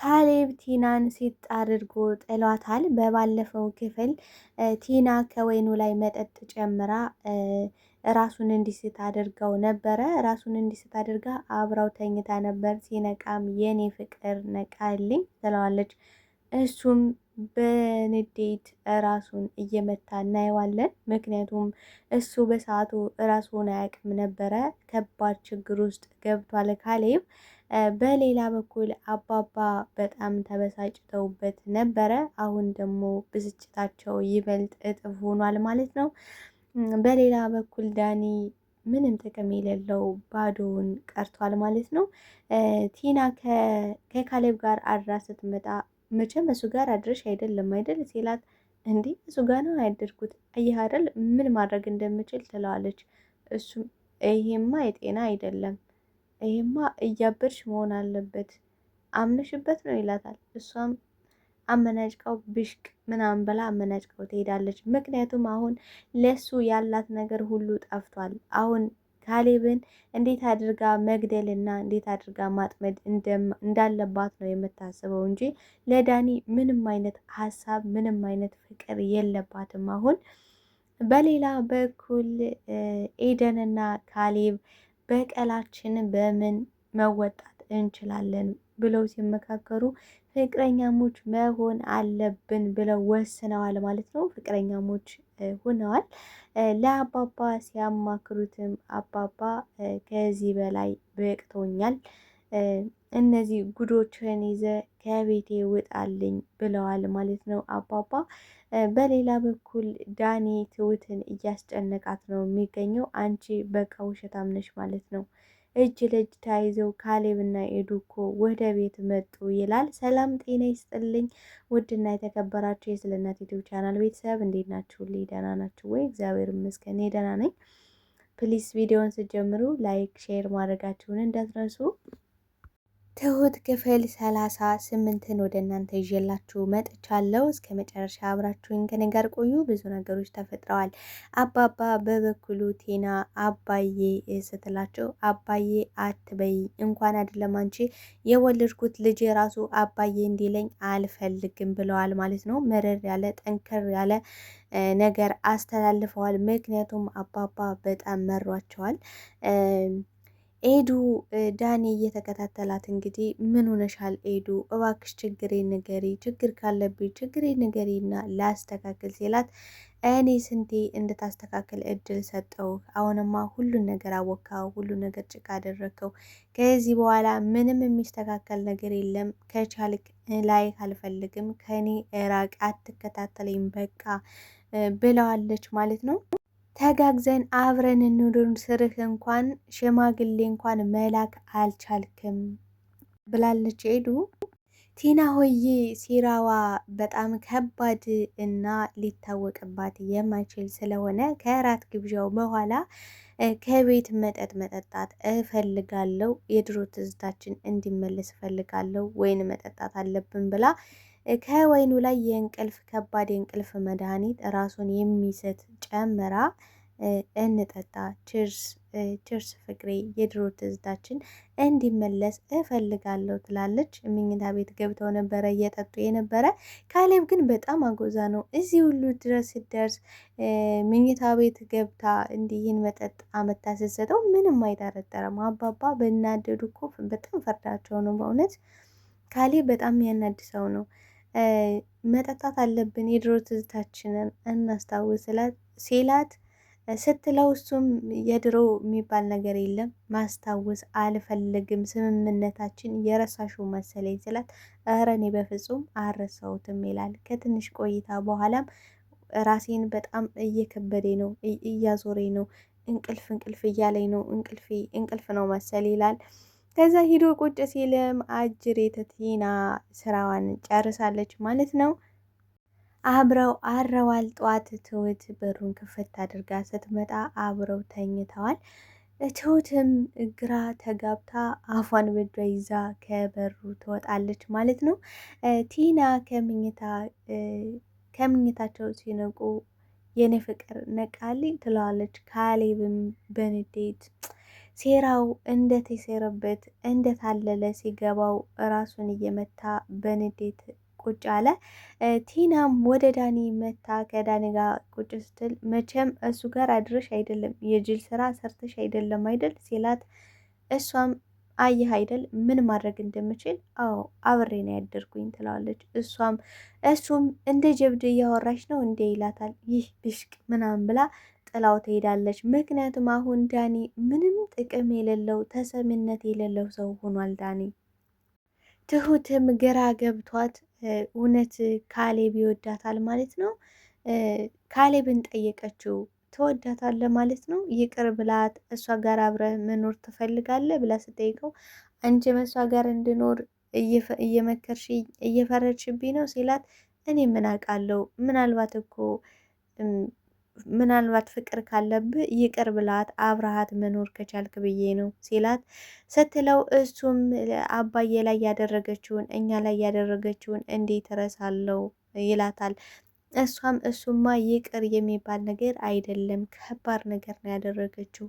ካሌብ ቲናን ሲጥ አድርጎ ጥሏታል። በባለፈው ክፍል ቲና ከወይኑ ላይ መጠጥ ጨምራ ራሱን እንዲስት አድርገው ነበረ። ራሱን እንዲስት አድርጋ አብራው ተኝታ ነበር። ሲነቃም የኔ ፍቅር ነቃልኝ ትለዋለች። እሱም በንዴት ራሱን እየመታ እናየዋለን። ምክንያቱም እሱ በሰዓቱ ራሱን አያውቅም ነበረ። ከባድ ችግር ውስጥ ገብቷል ካሌብ በሌላ በኩል አባባ በጣም ተበሳጭተውበት ነበረ። አሁን ደግሞ ብስጭታቸው ይበልጥ እጥፍ ሆኗል ማለት ነው። በሌላ በኩል ዳኒ ምንም ጥቅም የሌለው ባዶውን ቀርቷል ማለት ነው። ቲና ከካሌብ ጋር አድራ ስትመጣ መቼም እሱ ጋር አድረሽ አይደለም አይደል ሲላት፣ እንዴ እሱ ጋር ነው ያደርኩት አይደል ምን ማድረግ እንደምችል ትለዋለች። እሱም ይሄማ የጤና አይደለም ይሄማ እያበድሽ መሆን አለበት አምነሽበት ነው ይላታል። እሷም አመናጭቃው ብሽቅ ምናምን ብላ አመናጭቃው ትሄዳለች። ምክንያቱም አሁን ለሱ ያላት ነገር ሁሉ ጠፍቷል። አሁን ካሌብን እንዴት አድርጋ መግደልና እንዴት አድርጋ ማጥመድ እንዳለባት ነው የምታስበው እንጂ ለዳኒ ምንም አይነት ሀሳብ ምንም አይነት ፍቅር የለባትም። አሁን በሌላ በኩል ኤደንና ካሌብ በቀላችን በምን መወጣት እንችላለን ብለው ሲመካከሩ ፍቅረኛሞች መሆን አለብን ብለው ወስነዋል ማለት ነው። ፍቅረኛሞች ሆነዋል። ለአባባ ሲያማክሩትም አባባ ከዚህ በላይ በቅቶኛል እነዚህ ጉዶችን ይዘ ከቤቴ ውጣልኝ ብለዋል ማለት ነው አባባ። በሌላ በኩል ዳኒ ትሁትን እያስጨነቃት ነው የሚገኘው። አንቺ በቃ ውሸታም ነሽ ማለት ነው። እጅ ለእጅ ተያይዘው ካሌብና ኤዱ እኮ ወደ ቤት መጡ ይላል። ሰላም ጤና ይስጥልኝ ውድና የተከበራችሁ የስልነት ዩቲዩብ ቻናል ቤተሰብ እንዴት ናችሁ? ደህና ናችሁ ወይ? እግዚአብሔር ይመስገን ደህና ነኝ። ፕሊስ ቪዲዮውን ስጀምሩ ላይክ፣ ሼር ማድረጋችሁን እንዳትረሱ ትሁት ክፍል ሰላሳ ስምንትን ወደ እናንተ ይዤላችሁ መጥቻለሁ። እስከ መጨረሻ አብራችሁኝ ከኔ ጋር ቆዩ። ብዙ ነገሮች ተፈጥረዋል። አባባ በበኩሉ ቴና አባዬ ስትላቸው አባዬ አትበይ እንኳን አይደለም አንቺ የወለድኩት ልጅ የራሱ አባዬ እንዲለኝ አልፈልግም ብለዋል ማለት ነው። መረር ያለ ጠንከር ያለ ነገር አስተላልፈዋል። ምክንያቱም አባባ በጣም መሯቸዋል። ኤዱ ዳኒ እየተከታተላት እንግዲህ ምን ሆነሻል ኤዱ እባክሽ ችግሬ ንገሪ፣ ችግር ካለብኝ ችግሬ ንገሪና ላስተካክል ሲላት እኔ ስንቴ እንድታስተካክል እድል ሰጠው። አሁንማ ሁሉን ነገር አወካው፣ ሁሉን ነገር ጭቃ አደረግከው። ከዚህ በኋላ ምንም የሚስተካከል ነገር የለም። ከቻልክ ላይ አልፈልግም፣ ከኔ ራቅ፣ አትከታተለኝ፣ በቃ ብለዋለች ማለት ነው። ተጋግዘን አብረን እንኑር ስርህ እንኳን ሽማግሌ እንኳን መላክ አልቻልክም ብላለች ኤዱ። ቲና ሆዬ ሴራዋ በጣም ከባድ እና ሊታወቅባት የማይችል ስለሆነ ከእራት ግብዣው በኋላ ከቤት መጠጥ መጠጣት እፈልጋለሁ፣ የድሮ ትዝታችን እንዲመለስ እፈልጋለሁ፣ ወይን መጠጣት አለብን ብላ ከወይኑ ላይ የእንቅልፍ ከባድ የእንቅልፍ መድኃኒት ራሱን የሚስት ጨምራ እንጠጣ። ችርስ ችርስ ፍቅሬ የድሮ ትዝታችን እንዲመለስ እፈልጋለሁ ትላለች። ምኝታ ቤት ገብተው ነበረ እየጠጡ የነበረ ካሌብ ግን በጣም አጎዛ ነው። እዚህ ሁሉ ድረስ ሲደርስ ምኝታ ቤት ገብታ እንዲህን መጠጥ አመታ ስትሰጠው ምንም አይጠረጠረም። አባባ በናደዱ እኮ በጣም ፈርዳቸው ነው በእውነት ካሌብ በጣም ያናድሰው ነው። መጠጣት አለብን የድሮ ትዝታችንን እናስታውስ ሲላት ስትለው እሱም የድሮ የሚባል ነገር የለም ማስታወስ አልፈልግም፣ ስምምነታችን የረሳሽው መሰለኝ ስላት እረ እኔ በፍጹም አረሳውትም ይላል። ከትንሽ ቆይታ በኋላም ራሴን በጣም እየከበደ ነው፣ እያዞሬ ነው፣ እንቅልፍ እንቅልፍ እያለኝ ነው፣ እንቅልፍ እንቅልፍ ነው መሰል ይላል። ከዛ ሂዶ ቁጭ ሲልም አጅሬት ቲና ስራዋን ጨርሳለች ማለት ነው። አብረው አረዋል። ጠዋት ትሁት በሩን ክፍት አድርጋ ስትመጣ አብረው ተኝተዋል። ትሁትም ግራ ተጋብታ አፏን በጇ ይዛ ከበሩ ትወጣለች ማለት ነው። ቲና ከምኝታቸው ሲነቁ የኔ ፍቅር ነቃልኝ ትለዋለች። ካሌብም በንዴት ሴራው እንደተሴረበት እንደታለለ ሲገባው ራሱን እየመታ በንዴት ቁጭ አለ። ቲናም ወደ ዳኒ መታ ከዳኒ ጋር ቁጭ ስትል መቼም እሱ ጋር አድረሽ አይደለም የጅል ስራ ሰርተሽ አይደለም አይደል ሲላት፣ እሷም አየህ አይደል ምን ማድረግ እንደምችል አዎ አብሬ ነው ያደርጉኝ ትለዋለች። እሷም እሱም እንደ ጀብድ እያወራሽ ነው እንዴ ይላታል። ይህ ብሽቅ ምናምን ብላ ጥላው ትሄዳለች። ምክንያቱም አሁን ዳኒ ምንም ጥቅም የሌለው ተሰሚነት የሌለው ሰው ሆኗል። ዳኒ ትሁትም ግራ ገብቷት እውነት ካሌብ ይወዳታል ማለት ነው? ካሌብን ጠየቀችው። ትወዳታለህ ማለት ነው? ይቅር ብላት እሷ ጋር አብረህ መኖር ትፈልጋለህ ብላ ስጠይቀው አንቺ በእሷ ጋር እንድኖር እየመከርሽ እየፈረድሽብኝ ነው ሲላት እኔ ምን አውቃለሁ ምናልባት እኮ ምናልባት ፍቅር ካለብህ ይቅር ብላት አብረሃት መኖር ከቻልክ ብዬ ነው ሲላት ስትለው እሱም አባዬ ላይ ያደረገችውን እኛ ላይ ያደረገችውን እንዴት እረሳለሁ ይላታል። እሷም እሱማ ይቅር የሚባል ነገር አይደለም፣ ከባድ ነገር ነው ያደረገችው።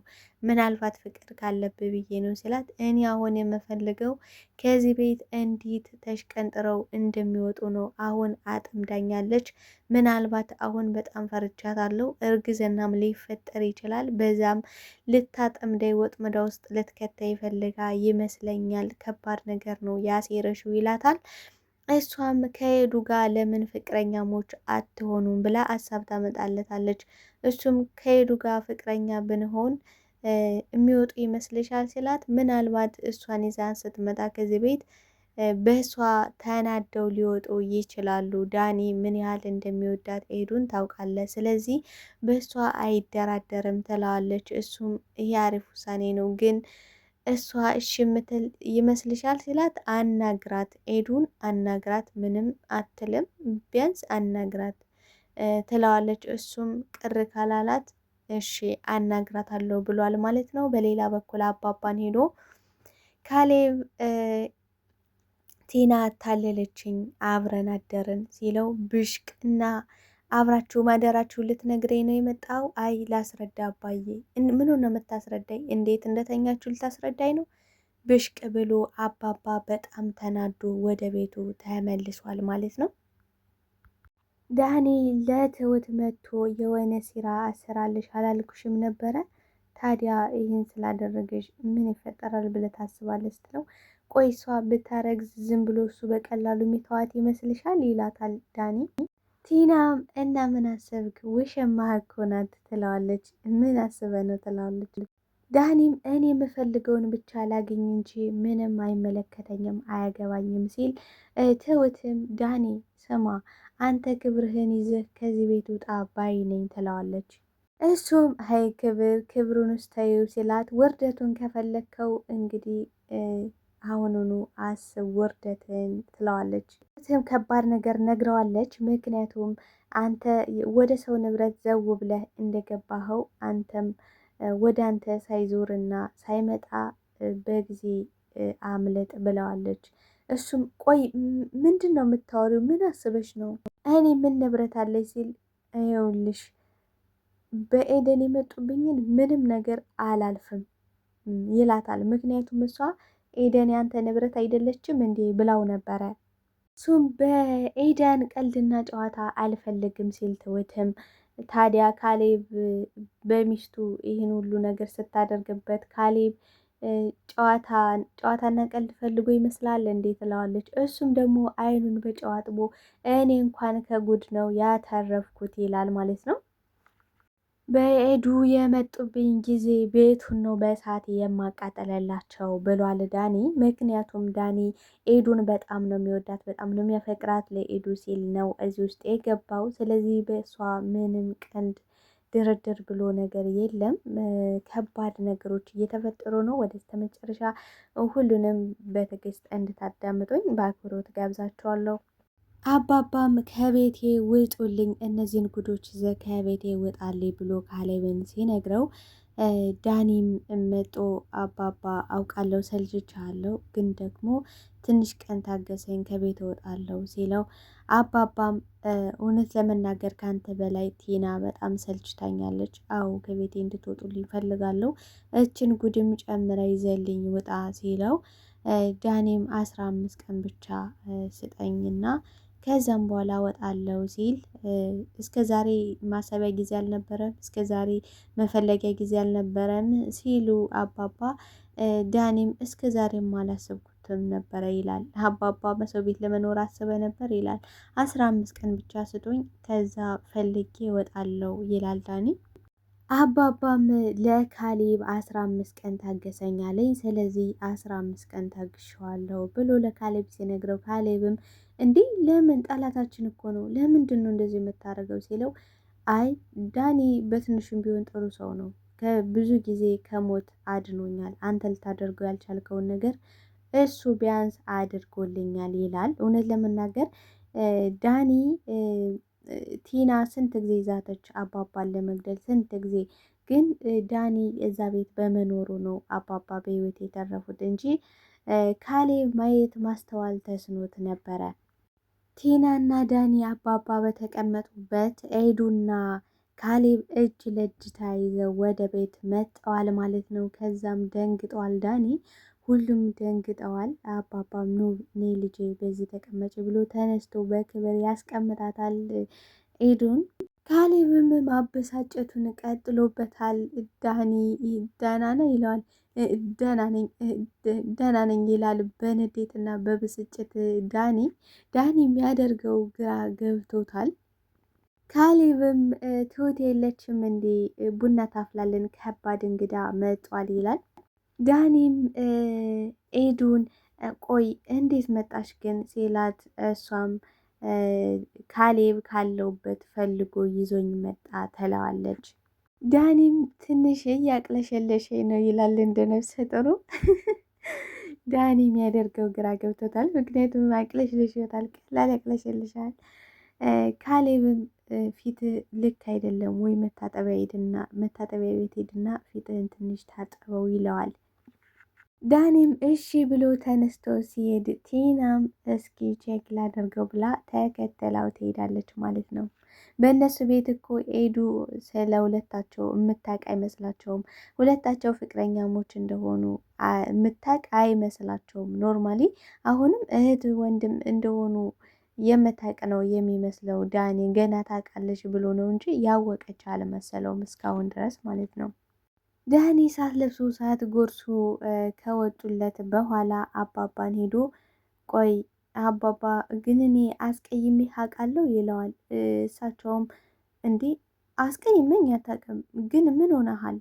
ምናልባት ፍቅር ካለብህ ብዬ ነው ስላት፣ እኔ አሁን የምፈልገው ከዚህ ቤት እንዴት ተሽቀንጥረው እንደሚወጡ ነው። አሁን አጥምዳኛለች። ምናልባት አሁን በጣም ፈርቻታለሁ። እርግዝናም ሊፈጠር ይችላል። በዛም ልታጠምደኝ ወጥመዳ ውስጥ ልትከታ ይፈልጋ ይመስለኛል። ከባድ ነገር ነው ያሴረሽው ይላታል። እሷም ከሄዱ ጋር ለምን ፍቅረኛሞች አትሆኑም ብላ ሀሳብ ታመጣለታለች። እሱም ከሄዱ ጋር ፍቅረኛ ብንሆን የሚወጡ ይመስልሻል ሲላት፣ ምናልባት እሷን ይዛን ስትመጣ ከዚህ ቤት በእሷ ተናደው ሊወጡ ይችላሉ። ዳኒ ምን ያህል እንደሚወዳት ኤዱን ታውቃለ። ስለዚህ በእሷ አይደራደርም ትለዋለች። እሱም ይሄ አሪፍ ውሳኔ ነው ግን እሷ እሺ የምትል ይመስልሻል ሲላት፣ አናግራት ኤዱን አናግራት፣ ምንም አትልም፣ ቢያንስ አናግራት ትለዋለች። እሱም ቅር ካላላት እሺ አናግራት አለው ብሏል ማለት ነው። በሌላ በኩል አባባን ሄዶ ካሌብ ቲና አታለለችኝ፣ አብረን አደርን ሲለው ብሽቅና አብራችሁ ማደራችሁ ልትነግረኝ ነው የመጣው? አይ ላስረዳ አባዬ። ምን ነው የምታስረዳኝ? እንዴት እንደተኛችሁ ልታስረዳኝ ነው? ብሽቅ ብሎ አባባ በጣም ተናዶ ወደ ቤቱ ተመልሷል ማለት ነው። ዳኒ ለትሁት መጥቶ የወይነ ሲራ አሰራልሽ አላልኩሽም ነበረ? ታዲያ ይህን ስላደረገሽ ምን ይፈጠራል ብለ ታስባለህ ስትለው ቆይ እሷ ብታረግዝ ዝም ብሎ እሱ በቀላሉ የሚተዋት ይመስልሻል? ይላታል ዳኒ ቲናም እና ምን አሰብክ ውሽማህ እኮ ናት ትለዋለች። ምን አስበ ነው ትለዋለች። ዳኒም እኔ የምፈልገውን ብቻ ላግኝ እንጂ ምንም አይመለከተኝም አያገባኝም ሲል ትሁትም ዳኒ ስማ አንተ ክብርህን ይዘህ ከዚህ ቤት ውጣ ባይ ነኝ ትለዋለች። እሱም ሀይ ክብር ክብሩን ውስጥ ሲላት፣ ውርደቱን ከፈለግከው እንግዲህ አሁኑኑ አስብ ውርደትን ትለዋለች። ትም ከባድ ነገር ነግረዋለች። ምክንያቱም አንተ ወደ ሰው ንብረት ዘው ብለህ እንደገባኸው አንተም ወደ አንተ ሳይዞርና ሳይመጣ በጊዜ አምለጥ ብለዋለች። እሱም ቆይ ምንድን ነው የምታወሪው? ምን አስበሽ ነው? እኔ ምን ንብረት አለኝ ሲል ይኸውልሽ በኤደን የመጡብኝን ምንም ነገር አላልፍም ይላታል። ምክንያቱም እሷ ኤደን ያንተ ንብረት አይደለችም እንዴ ብላው ነበረ። እሱም በኤደን ቀልድና ጨዋታ አልፈልግም ሲል ትውትም ታዲያ ካሌብ በሚስቱ ይህን ሁሉ ነገር ስታደርግበት ካሌብ ጨዋታና ቀልድ ፈልጎ ይመስላል እንዴ ትለዋለች። እሱም ደግሞ አይኑን በጨዋጥቦ እኔ እንኳን ከጉድ ነው ያተረፍኩት ይላል ማለት ነው። በኤዱ የመጡብኝ ጊዜ ቤቱን ነው በእሳት የማቃጠለላቸው ብሏል ዳኒ። ምክንያቱም ዳኒ ኤዱን በጣም ነው የሚወዳት፣ በጣም ነው የሚያፈቅራት። ለኤዱ ሲል ነው እዚህ ውስጥ የገባው። ስለዚህ በእሷ ምንም ቀንድ ድርድር ብሎ ነገር የለም። ከባድ ነገሮች እየተፈጠሩ ነው። ወደ በስተመጨረሻ ሁሉንም በትዕግስት እንድታዳምጡኝ በአክብሮት ጋብዛችኋለሁ። አባባም ከቤቴ ውጡልኝ እነዚህን ጉዶች ይዘህ ከቤቴ ውጣልኝ ብሎ ካሌብን ሲነግረው ዳኒም መጦ አባባ አውቃለሁ ሰልችቻለሁ፣ ግን ደግሞ ትንሽ ቀን ታገሰኝ ከቤት እወጣለሁ ሲለው አባባም እውነት ለመናገር ከአንተ በላይ ቲና በጣም ሰልችታኛለች። አዎ ከቤቴ እንድትወጡልኝ እፈልጋለሁ። እችን ጉድም ጨምረ ይዘልኝ ውጣ ሲለው ዳኒም አስራ አምስት ቀን ብቻ ስጠኝና ከዛም በኋላ ወጣለው ሲል እስከ ዛሬ ማሰቢያ ጊዜ አልነበረም፣ እስከ ዛሬ መፈለጊያ ጊዜ አልነበረም ሲሉ አባባ ዳኒም እስከ ዛሬም አላሰብኩትም ነበረ ይላል። አባባ በሰው ቤት ለመኖር አስበ ነበር ይላል። አስራ አምስት ቀን ብቻ ስጡኝ፣ ከዛ ፈልጌ እወጣለሁ ይላል ዳኒ። አባባም ለካሌብ አስራ አምስት ቀን ታገሰኛለኝ፣ ስለዚህ አስራ አምስት ቀን ታግሸዋለሁ ብሎ ለካሌብ ሲነግረው ካሌብም እንዲህ ለምን ጠላታችን እኮ ነው፣ ለምንድን ነው እንደዚህ የምታደርገው ሲለው አይ ዳኒ በትንሹም ቢሆን ጥሩ ሰው ነው፣ ከብዙ ጊዜ ከሞት አድኖኛል። አንተ ልታደርገው ያልቻልከውን ነገር እሱ ቢያንስ አድርጎልኛል ይላል። እውነት ለመናገር ዳኒ ቲና ስንት ጊዜ ዛተች አባባን ለመግደል ስንት ጊዜ ግን ዳኒ እዛ ቤት በመኖሩ ነው አባባ በህይወት የተረፉት እንጂ ካሌብ ማየት ማስተዋል ተስኖት ነበረ። እና ዳኒ አባባ በተቀመጡበት ኤዱና ካሌብ እጅ ለእጅ ተያይዘው ወደ ቤት መጠዋል ማለት ነው። ከዛም ደንግጠዋል። ዳኒ ሁሉም ደንግጠዋል። አባባም ኑ እኔ ልጄ በዚህ ተቀመጭ ብሎ ተነስቶ በክብር ያስቀምጣታል ኤዱን። ካሌብም ማበሳጨቱን ቀጥሎበታል። ዳኒ ዳናና ይለዋል ደህና ነኝ ይላል በንዴትና በብስጭት ዳኒ ዳኒ የሚያደርገው ግራ ገብቶታል። ካሌብም ትሁት የለችም እንዴ ቡና ታፍላልን ከባድ እንግዳ መጧል ይላል። ዳኒም ኤዱን ቆይ እንዴት መጣሽ ግን ሲላት እሷም ካሌብ ካለውበት ፈልጎ ይዞኝ መጣ ትለዋለች። ዳኒም ትንሽ እያቅለሸለሸ ነው ይላል እንደ ነፍሰ ጥሩ። ዳኒ የሚያደርገው ግራ ገብቶታል። ምክንያቱም አቅለሽለሽታል፣ ቀላል ያቅለሸልሻል። ካሌብም ፊት ልክ አይደለም ወይ መታጠቢያ ሄድና መታጠቢያ ቤት ሄድና ፊትህን ትንሽ ታጠበው ይለዋል። ዳኒም እሺ ብሎ ተነስቶ ሲሄድ ቲናም እስኪ ቼክ ላደርገው ብላ ተከተላው ትሄዳለች ማለት ነው። በእነሱ ቤት እኮ ኤዱ ስለ ሁለታቸው የምታቅ አይመስላቸውም። ሁለታቸው ፍቅረኛሞች እንደሆኑ የምታቅ አይመስላቸውም። ኖርማሊ አሁንም እህት ወንድም እንደሆኑ የምታቅ ነው የሚመስለው። ዳኒ ገና ታውቃለች ብሎ ነው እንጂ ያወቀች አልመሰለውም እስካሁን ድረስ ማለት ነው። ዳኒ ሳት ለብሶ ሳት ጎርሱ ከወጡለት በኋላ አባባን ሄዶ ቆይ አባባ ግን እኔ አስቀይሜ አውቃለሁ ይለዋል። እሳቸውም እንዴ አስቀይመኝ አታውቅም፣ ግን ምን ሆነሃል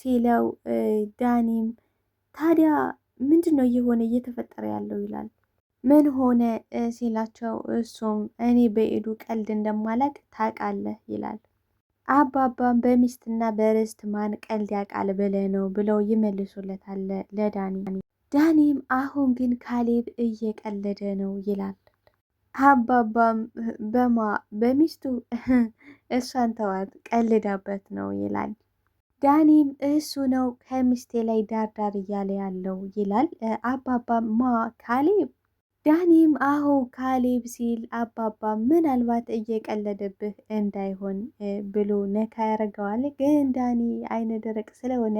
ሲለው ዳኒም ታዲያ ምንድን ነው እየሆነ እየተፈጠረ ያለው ይላል። ምን ሆነ ሲላቸው እሱም እኔ በኤዱ ቀልድ እንደማላቅ ታውቃለህ ይላል። አባባም በሚስትና በርስት ማን ቀልድ ያውቃል ብለህ ነው ብለው ይመልሱለታል ለዳኒ። ዳኒም አሁን ግን ካሌብ እየቀለደ ነው ይላል። አባባም በማ በሚስቱ እሷን ተዋት ቀልዳበት ነው ይላል። ዳኒም እሱ ነው ከሚስቴ ላይ ዳርዳር እያለ ያለው ይላል። አባባም ማ ካሌብ ዳኒም አሁ ካሌብ ሲል አባባ ምናልባት እየቀለደብህ እንዳይሆን ብሎ ነካ ያደርገዋል። ግን ዳኒ አይነ ደረቅ ስለሆነ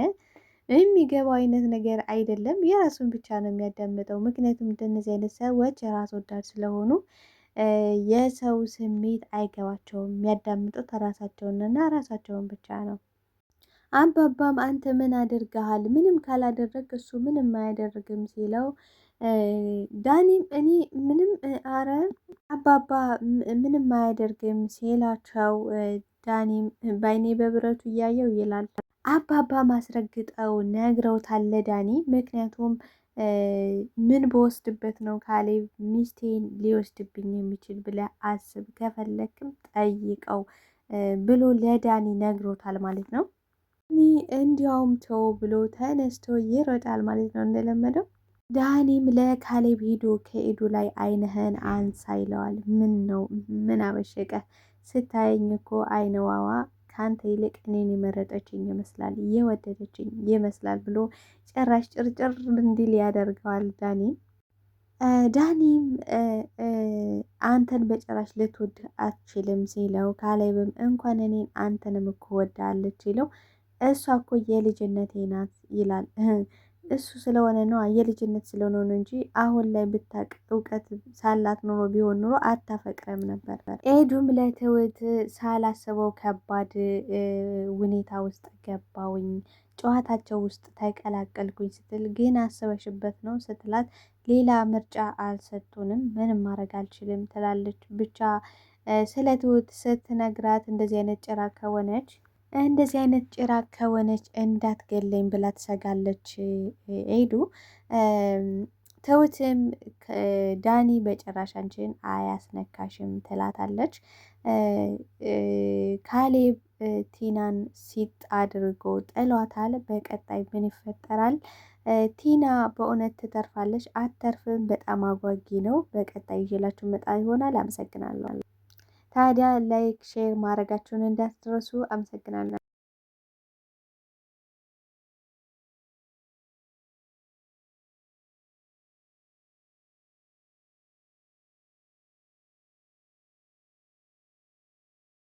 የሚገባው አይነት ነገር አይደለም። የራሱን ብቻ ነው የሚያዳምጠው። ምክንያቱም እንደነዚህ አይነት ሰዎች ራስ ወዳድ ስለሆኑ የሰው ስሜት አይገባቸውም። የሚያዳምጡት ራሳቸውንና ራሳቸውን ብቻ ነው። አባባም አንተ ምን አድርገሃል? ምንም ካላደረግ እሱ ምንም አያደርግም ሲለው ዳኒም እኔ ምንም አረ አባባ ምንም አያደርግም ሲላቸው ዳኒም በአይኔ በብረቱ እያየው ይላል። አባባ ማስረግጠው ነግረውታል ለዳኒ። ምክንያቱም ምን በወስድበት ነው ካሌብ ሚስቴን ሊወስድብኝ የሚችል ብለ አስብ፣ ከፈለክም ጠይቀው ብሎ ለዳኒ ነግሮታል ማለት ነው። እንዲያውም ተው ብሎ ተነስቶ ይሮጣል ማለት ነው እንደለመደው። ዳኒም ለካሌብ ሂዶ ከኢዱ ላይ አይንህን አንሳ ይለዋል። ምን ነው ምን አበሸቀ ስታየኝ እኮ አይነዋዋ ከአንተ ይልቅ እኔን የመረጠችኝ ይመስላል የወደደችኝ ይመስላል ብሎ ጭራሽ ጭርጭር እንዲል ያደርገዋል ዳኒ። ዳኒም አንተን በጭራሽ ልትወድ አትችልም ሲለው፣ ካሌብም እንኳን እኔን አንተንም እኮ ወዳለች ሲለው፣ እሷ እኮ የልጅነቴ ናት ይላል። እሱ ስለሆነ ነው የልጅነት ስለሆነ ነው እንጂ አሁን ላይ ብታቅ እውቀት ሳላት ኖሮ ቢሆን ኖሮ አታፈቅረም ነበር። ኤዱም ለትውት ሳላስበው ከባድ ሁኔታ ውስጥ ገባውኝ ጨዋታቸው ውስጥ ተቀላቀልኩኝ ስትል ግን አስበሽበት ነው ስትላት፣ ሌላ ምርጫ አልሰጡንም፣ ምንም ማድረግ አልችልም ትላለች። ብቻ ስለ ስትነግራት እንደዚህ አይነት ጭራ ከሆነች እንደዚህ አይነት ጭራ ከሆነች እንዳትገለኝ ብላ ትሰጋለች። ኤዱ ተውትም ዳኒ በጭራሽ አንቺን አያስነካሽም ትላታለች። ካሌብ ቲናን ሲጥ አድርጎ ጥሏታል። በቀጣይ ምን ይፈጠራል? ቲና በእውነት ትተርፋለች አተርፍም? በጣም አጓጊ ነው። በቀጣይ ይዤላችሁ መጣ ይሆናል። አመሰግናለሁ። ታዲያ ላይክ ሼር ማድረጋችሁን እንዳትረሱ። አመሰግናለሁ።